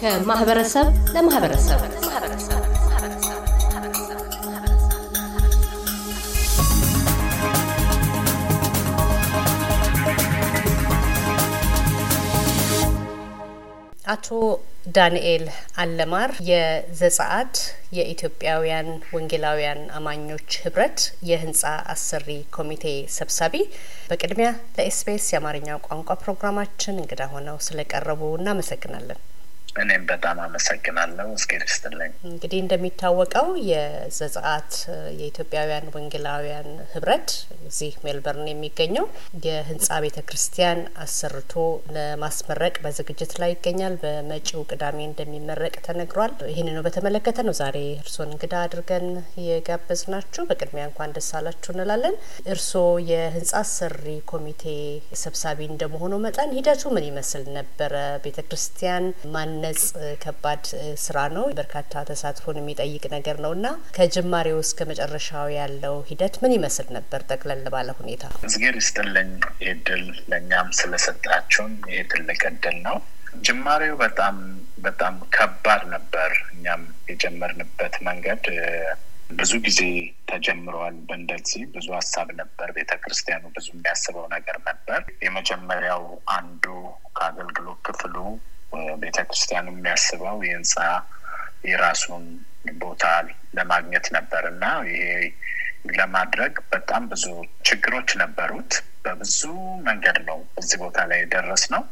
ከማህበረሰብ ለማህበረሰብ አቶ ዳንኤል አለማር የዘጸአት የኢትዮጵያውያን ወንጌላውያን አማኞች ህብረት የህንፃ አሰሪ ኮሚቴ ሰብሳቢ፣ በቅድሚያ ለኤስቢኤስ የአማርኛው ቋንቋ ፕሮግራማችን እንግዳ ሆነው ስለቀረቡ እናመሰግናለን። እኔም በጣም አመሰግናለሁ። እግዜር ይስጥልኝ። እንግዲህ እንደሚታወቀው የዘጸአት የኢትዮጵያውያን ወንጌላውያን ህብረት እዚህ ሜልበርን የሚገኘው የህንጻ ቤተ ክርስቲያን አሰርቶ ለማስመረቅ በዝግጅት ላይ ይገኛል። በመጪው ቅዳሜ እንደሚመረቅ ተነግሯል። ይህንኑ በተመለከተ ነው ዛሬ እርስዎን እንግዳ አድርገን የጋበዝ ናችሁ። በቅድሚያ እንኳን ደስ አላችሁ እንላለን። እርስዎ የህንጻ አሰሪ ኮሚቴ ሰብሳቢ እንደመሆኑ መጠን ሂደቱ ምን ይመስል ነበረ? ቤተ ክርስቲያን ማን ማነጽ ከባድ ስራ ነው። በርካታ ተሳትፎን የሚጠይቅ ነገር ነው እና ከጅማሬው እስከ መጨረሻው ያለው ሂደት ምን ይመስል ነበር? ጠቅለል ባለ ሁኔታ እግዜር ይስጥልኝ። እድል ለእኛም ስለሰጣችሁን ይህ ትልቅ እድል ነው። ጅማሬው በጣም በጣም ከባድ ነበር። እኛም የጀመርንበት መንገድ ብዙ ጊዜ ተጀምረዋል። በእንደዚህ ብዙ ሀሳብ ነበር። ቤተ ክርስቲያኑ ብዙ የሚያስበው ነገር ነበር። የመጀመሪያው አንዱ ከአገልግሎት ክፍሉ ቤተክርስቲያኑ የሚያስበው የህንፃ የራሱን ቦታ ለማግኘት ነበር እና ይሄ ለማድረግ በጣም ብዙ ችግሮች ነበሩት። በብዙ መንገድ ነው እዚህ ቦታ ላይ የደረስ ነው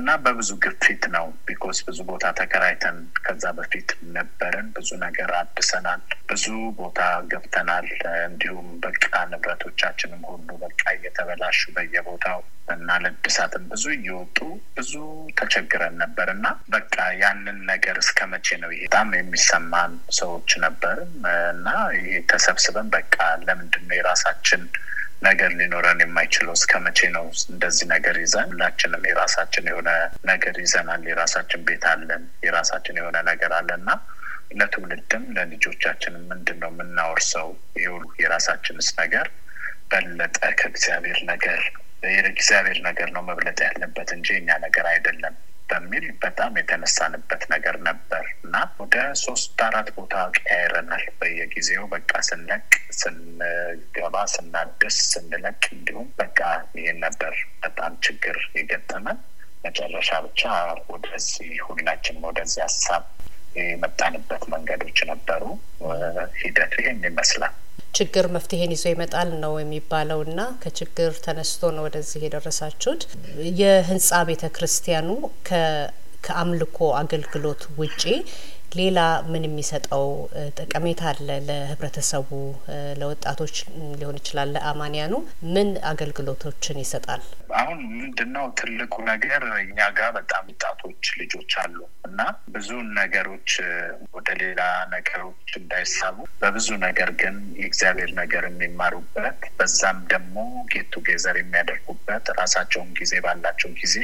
እና በብዙ ግፊት ነው። ቢኮስ ብዙ ቦታ ተከራይተን ከዛ በፊት ነበርን። ብዙ ነገር አድሰናል። ብዙ ቦታ ገብተናል። እንዲሁም በቃ ንብረቶቻችንም ሁሉ በቃ እየተበላሹ በየቦታው እና ለእድሳትም ብዙ እየወጡ ብዙ ተቸግረን ነበር እና በቃ ያንን ነገር እስከ መቼ ነው ይሄ? በጣም የሚሰማን ሰዎች ነበር እና ይሄ ተሰብስበን በቃ ለምንድን ነው የራሳችን ነገር ሊኖረን የማይችለው እስከ መቼ ነው እንደዚህ ነገር ይዘን? ሁላችንም የራሳችን የሆነ ነገር ይዘናል። የራሳችን ቤት አለን። የራሳችን የሆነ ነገር አለና እና ለትውልድም ለልጆቻችንም ምንድን ነው የምናወርሰው? የራሳችንስ ነገር በለጠ ከእግዚአብሔር ነገር የእግዚአብሔር ነገር ነው መብለጥ ያለበት እንጂ እኛ ነገር አይደለም በሚል በጣም የተነሳንበት ነገር ነበር እና ወደ ሶስት አራት ቦታ ቀያይረናል። በየጊዜው በቃ ስንለቅ ስንገባ፣ ስናድስ፣ ስንለቅ እንዲሁም በቃ ይህን ነበር በጣም ችግር የገጠመን። መጨረሻ ብቻ ወደዚህ ሁላችንም ወደዚህ ሀሳብ የመጣንበት መንገዶች ነበሩ። ሂደቱ ይህን ይመስላል። ችግር መፍትሄን ይዞ ይመጣል ነው የሚባለው እና ከችግር ተነስቶ ነው ወደዚህ የደረሳችሁት። የህንጻ ቤተ ክርስቲያኑ ከአምልኮ አገልግሎት ውጪ ሌላ ምን የሚሰጠው ጠቀሜታ አለ? ለህብረተሰቡ ለወጣቶች ሊሆን ይችላል ለአማንያኑ ምን አገልግሎቶችን ይሰጣል? አሁን ምንድነው ትልቁ ነገር እኛ ጋር በጣም ወጣቶች ልጆች አሉ እና ብዙ ነገሮች ወደ ሌላ ነገሮች እንዳይሳቡ በብዙ ነገር ግን የእግዚአብሔር ነገር የሚማሩበት በዛም ደግሞ ጌቱ ጌዘር የሚያደርጉበት ራሳቸውን ጊዜ ባላቸው ጊዜ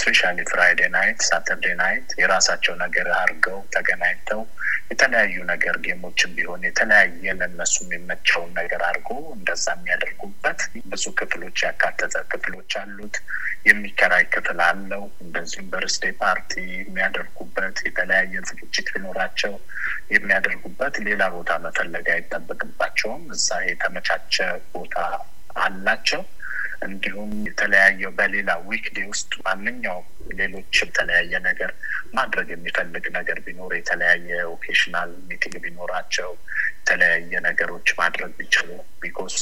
ስፔሻሊ ፍራይዴ ናይት፣ ሳተርዴ ናይት የራሳቸው ነገር አድርገው ተገ ተገናኝተው የተለያዩ ነገር ጌሞችን ቢሆን የተለያየ ለነሱ የሚመቸውን ነገር አድርጎ እንደዛ የሚያደርጉበት ብዙ ክፍሎች ያካተተ ክፍሎች አሉት። የሚከራይ ክፍል አለው። እንደዚሁም በርስዴ ፓርቲ የሚያደርጉበት የተለያየ ዝግጅት ቢኖራቸው የሚያደርጉበት ሌላ ቦታ መፈለግ አይጠበቅባቸውም። እዛ የተመቻቸ ቦታ አላቸው። እንዲሁም የተለያየ በሌላ ዊክዴ ውስጥ ማንኛውም ሌሎች የተለያየ ነገር ማድረግ የሚፈልግ ነገር ቢኖር የተለያየ ኦኬሽናል ሚቲንግ ቢኖራቸው የተለያየ ነገሮች ማድረግ ቢችሉ ቢኮስ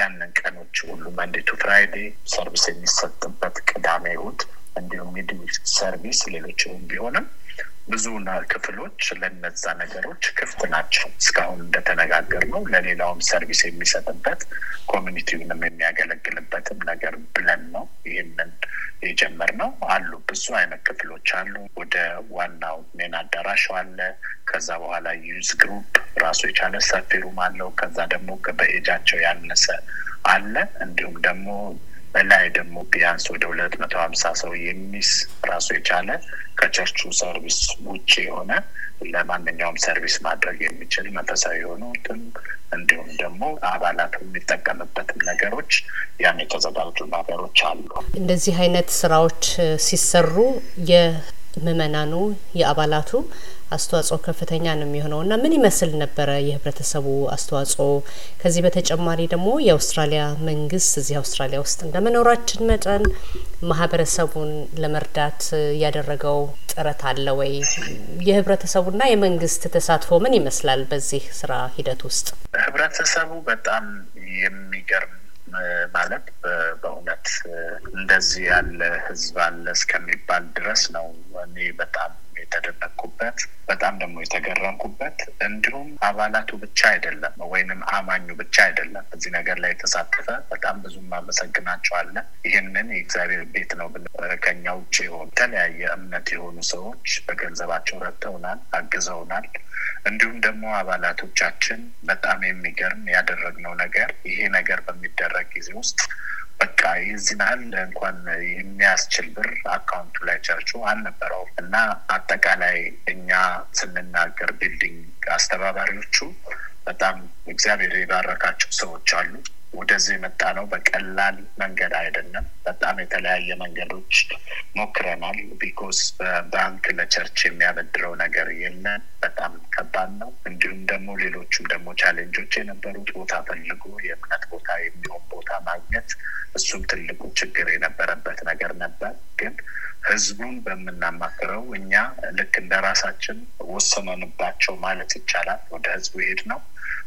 ያንን ቀኖች ሁሉ መንዴቱ ፍራይዴ ሰርቪስ የሚሰጥበት ቅዳሜ፣ እሑድ እንዲሁም ሚድ ሰርቪስ ሌሎችም ቢሆንም ብዙ ክፍሎች ለነዛ ነገሮች ክፍት ናቸው። እስካሁን እንደተነጋገር ነው ለሌላውም ሰርቪስ የሚሰጥበት ኮሚኒቲውንም የሚያገለግል ይህንን የጀመርነው አሉ። ብዙ አይነት ክፍሎች አሉ። ወደ ዋናው ሜን አዳራሽ አለ። ከዛ በኋላ ዩዝ ግሩፕ ራሱ የቻለ ሰፊ ሩም አለው። ከዛ ደግሞ በኤጃቸው ያነሰ አለ። እንዲሁም ደግሞ በላይ ደግሞ ቢያንስ ወደ ሁለት መቶ ሀምሳ ሰው የሚስ ራሱ የቻለ ከቸርቹ ሰርቪስ ውጭ የሆነ ለማንኛውም ሰርቪስ ማድረግ የሚችል መንፈሳዊ የሆኑትም እንዲሁም ደግሞ አባላቱ የሚጠቀምበትም ነገሮች ያን የተዘጋጁ ነገሮች አሉ። እንደዚህ አይነት ስራዎች ሲሰሩ የምእመናኑ የአባላቱ አስተዋጽኦ ከፍተኛ ነው የሚሆነው እና ምን ይመስል ነበረ የህብረተሰቡ አስተዋጽኦ? ከዚህ በተጨማሪ ደግሞ የአውስትራሊያ መንግስት እዚህ አውስትራሊያ ውስጥ እንደመኖራችን መጠን ማህበረሰቡን ለመርዳት ያደረገው ጥረት አለ ወይ? የህብረተሰቡና የመንግስት ተሳትፎ ምን ይመስላል በዚህ ስራ ሂደት ውስጥ? ህብረተሰቡ በጣም የሚገርም ማለት በእውነት እንደዚህ ያለ ህዝብ አለ እስከሚባል ድረስ ነው። እኔ በጣም የተደነቅኩበት በጣም ደግሞ የተገረምኩበት እንዲሁም አባላቱ ብቻ አይደለም ወይንም አማኙ ብቻ አይደለም እዚህ ነገር ላይ የተሳተፈ በጣም ብዙ አመሰግናቸዋለን። ይህንን የእግዚአብሔር ቤት ነው ብንበረ ከኛ ውጭ የሆኑ የተለያየ እምነት የሆኑ ሰዎች በገንዘባቸው ረድተውናል፣ አግዘውናል። እንዲሁም ደግሞ አባላቶቻችን በጣም የሚገርም ያደረግነው ነገር ይሄ ነገር በሚደረግ ጊዜ ውስጥ በቃ የዚህን አንድ እንኳን የሚያስችል ብር አካውንቱ ላይ ቸርቹ አልነበረውም እና አጠቃላይ እኛ ስንናገር ቢልዲንግ አስተባባሪዎቹ በጣም እግዚአብሔር የባረካቸው ሰዎች አሉ። ወደዚህ የመጣ ነው በቀላል መንገድ አይደለም። በጣም የተለያየ መንገዶች ሞክረናል። ቢኮስ በባንክ ለቸርች የሚያበድረው ነገር የለን በጣም ከባድ ነው። እንዲሁም ደግሞ ሌሎቹም ደግሞ ቻሌንጆች የነበሩት ቦታ ፈልጎ የእምነት ቦታ የሚሆን ቦታ ማግኘት፣ እሱም ትልቁ ችግር የነበረበት ነገር ነበር ግን ህዝቡን በምናማክረው እኛ ልክ እንደ ራሳችን ወሰነንባቸው ማለት ይቻላል። ወደ ህዝቡ ሄድ ነው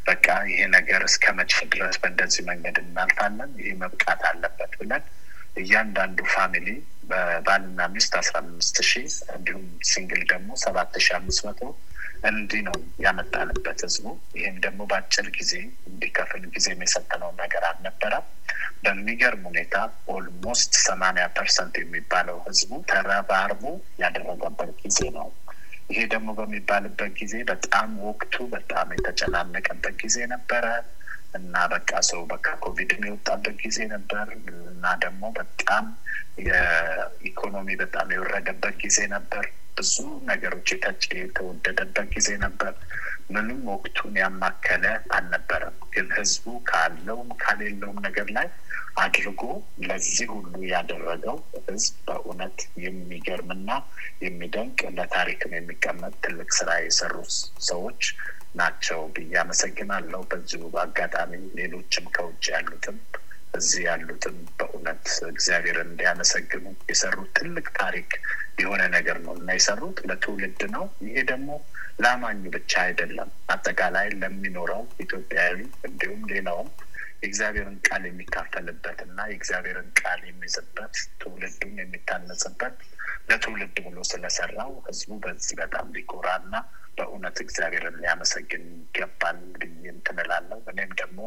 በቃ ይሄ ነገር እስከ መቼ ድረስ በእንደዚህ መንገድ እናልፋለን፣ ይህ መብቃት አለበት ብለን እያንዳንዱ ፋሚሊ በባልና ሚስት አስራ አምስት ሺህ እንዲሁም ሲንግል ደግሞ ሰባት ሺህ አምስት መቶ እንዲህ ነው ያመጣንበት ህዝቡ። ይህም ደግሞ በአጭር ጊዜ እንዲከፍል ጊዜ የሰጠነው ነገር አልነበረም። በሚገርም ሁኔታ ኦልሞስት ሰማንያ ፐርሰንት የሚባለው ህዝቡ ተረባርቦ ያደረገበት ጊዜ ነው። ይሄ ደግሞ በሚባልበት ጊዜ በጣም ወቅቱ በጣም የተጨናነቀበት ጊዜ ነበረ እና በቃ ሰው በቃ ኮቪድ የወጣበት ጊዜ ነበር እና ደግሞ በጣም የኢኮኖሚ በጣም የወረደበት ጊዜ ነበር። ብዙ ነገሮች የተች የተወደደበት ጊዜ ነበር። ምንም ወቅቱን ያማከለ አልነበረም። ግን ህዝቡ ካለውም ካሌለውም ነገር ላይ አድርጎ ለዚህ ሁሉ ያደረገው ህዝብ በእውነት የሚገርምና የሚደንቅ ለታሪክም የሚቀመጥ ትልቅ ስራ የሰሩ ሰዎች ናቸው ብዬ አመሰግናለሁ። በዚሁ በአጋጣሚ ሌሎችም ከውጭ ያሉትም እዚህ ያሉትም በእውነት እግዚአብሔር እንዲያመሰግኑ የሰሩት ትልቅ ታሪክ የሆነ ነገር ነው እና የሰሩት ለትውልድ ነው። ይሄ ደግሞ ለአማኙ ብቻ አይደለም፣ አጠቃላይ ለሚኖረው ኢትዮጵያዊ እንዲሁም ሌላውም የእግዚአብሔርን ቃል የሚካፈልበት እና የእግዚአብሔርን ቃል የሚዝበት ትውልዱን የሚታነጽበት ለትውልድ ብሎ ስለሰራው ህዝቡ በዚህ በጣም ሊኮራ እና በእውነት እግዚአብሔርን ሊያመሰግን ይገባል ብዬ እንትን እላለሁ። እኔም ደግሞ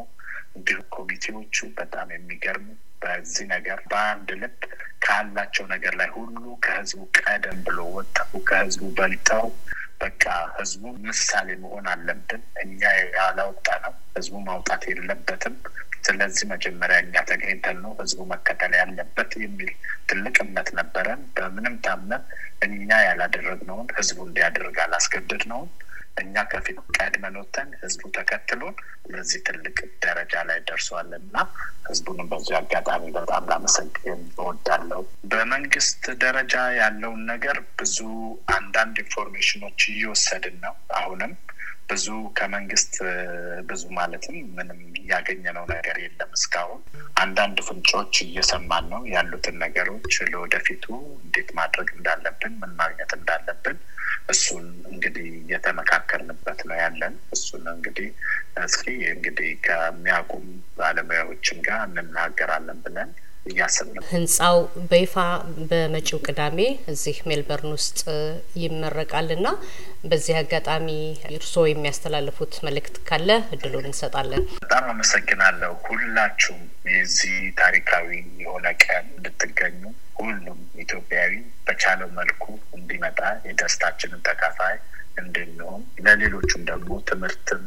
እንዲሁ ኮሚቴዎቹ በጣም የሚገርሙ በዚህ ነገር በአንድ ልብ ካላቸው ነገር ላይ ሁሉ ከህዝቡ ቀደም ብሎ ወጥተው ከህዝቡ በልጠው በቃ ህዝቡ ምሳሌ መሆን አለብን። እኛ ያላወጣ ነው ህዝቡ ማውጣት የለበትም። ስለዚህ መጀመሪያ እኛ ተገኝተን ነው ህዝቡ መከተል ያለበት የሚል ትልቅ እምነት ነበረን። በምንም ታምነን እኛ ያላደረግነውን ህዝቡ እንዲያደርግ አላስገደድነውም። እኛ ከፊት ቀድመን ህዝቡ ተከትሎን ለዚህ ትልቅ ደረጃ ላይ ደርሷል እና ህዝቡንም በዚህ አጋጣሚ በጣም ላመሰግን እወዳለሁ። በመንግስት ደረጃ ያለውን ነገር ብዙ አንዳንድ ኢንፎርሜሽኖች እየወሰድን ነው አሁንም ብዙ ከመንግስት ብዙ ማለትም ምንም ያገኘነው ነገር የለም እስካሁን። አንዳንድ ፍንጮች እየሰማን ነው ያሉትን ነገሮች ለወደፊቱ እንዴት ማድረግ እንዳለብን ምን ማግኘት እንዳለብን እሱን እንግዲህ እየተመካከልንበት ነው ያለን። እሱን እንግዲህ እስኪ እንግዲህ ከሚያውቁም ባለሙያዎችም ጋር እንናገራለን ብለን እያሰብን ነው። ህንጻው በይፋ በመጪው ቅዳሜ እዚህ ሜልበርን ውስጥ ይመረቃልና በዚህ አጋጣሚ እርስዎ የሚያስተላልፉት መልእክት ካለ እድሉን እንሰጣለን። በጣም አመሰግናለሁ። ሁላችሁም የዚህ ታሪካዊ የሆነ ቀን እንድትገኙ ሁሉም ኢትዮጵያዊ በቻለው መልኩ እንዲመጣ የደስታችንን ተካፋይ እንድንሆን ለሌሎቹም ደግሞ ትምህርትም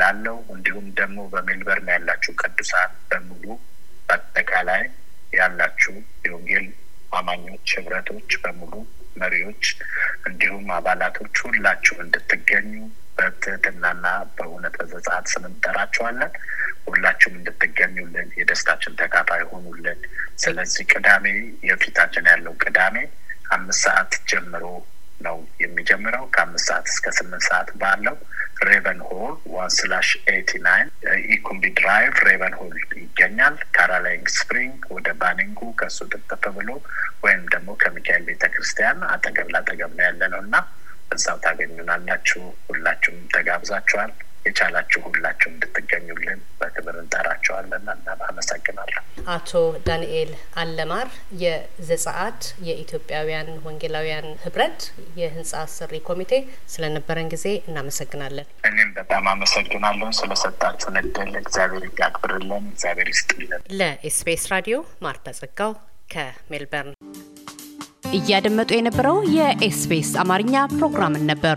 ላለው እንዲሁም ደግሞ በሜልበርን ያላችሁ ቅዱሳን በሙሉ በአጠቃላይ ያላችሁ የወንጌል አማኞች ህብረቶች በሙሉ መሪዎች፣ እንዲሁም አባላቶች ሁላችሁ እንድትገኙ በትህትናና በእውነት በዘጻት ስንጠራችኋለን ሁላችሁም እንድትገኙልን የደስታችን ተካፋይ ሆኑልን። ስለዚህ ቅዳሜ የፊታችን ያለው ቅዳሜ አምስት ሰዓት ጀምሮ ነው የሚጀምረው። ከአምስት ሰዓት እስከ ስምንት ሰዓት ባለው ሬቨን ዋን ስላሽ ኤቲ ናይን ኢኩምቢ ድራይቭ ሬቨንሆል ይገኛል። ካራላይንግ ስፕሪንግ ወደ ባኒንጉ ከእሱ ጥጥፍ ብሎ ወይም ደግሞ ከሚካኤል ቤተ ክርስቲያን አጠገብ ላጠገብ ነው ያለ ነው እና እዛው ታገኙናላችሁ። ሁላችሁም ተጋብዛችኋል። የቻላችሁ ሁላችሁ እንድትገኙልን በክብር እንጠራ እንወዳቸዋለን እና አመሰግናለሁ። አቶ ዳንኤል አለማር የዘጸአት የኢትዮጵያውያን ወንጌላውያን ህብረት የህንጻ አሰሪ ኮሚቴ ስለነበረን ጊዜ እናመሰግናለን። እኔም በጣም አመሰግናለሁ ስለሰጣችሁን እድል። እግዚአብሔር ያክብርልን። እግዚአብሔር ይስጥልን። ለኤስቢኤስ ራዲዮ ማርታ ጸጋው ከሜልበርን እያደመጡ የነበረው የኤስቢኤስ አማርኛ ፕሮግራምን ነበር።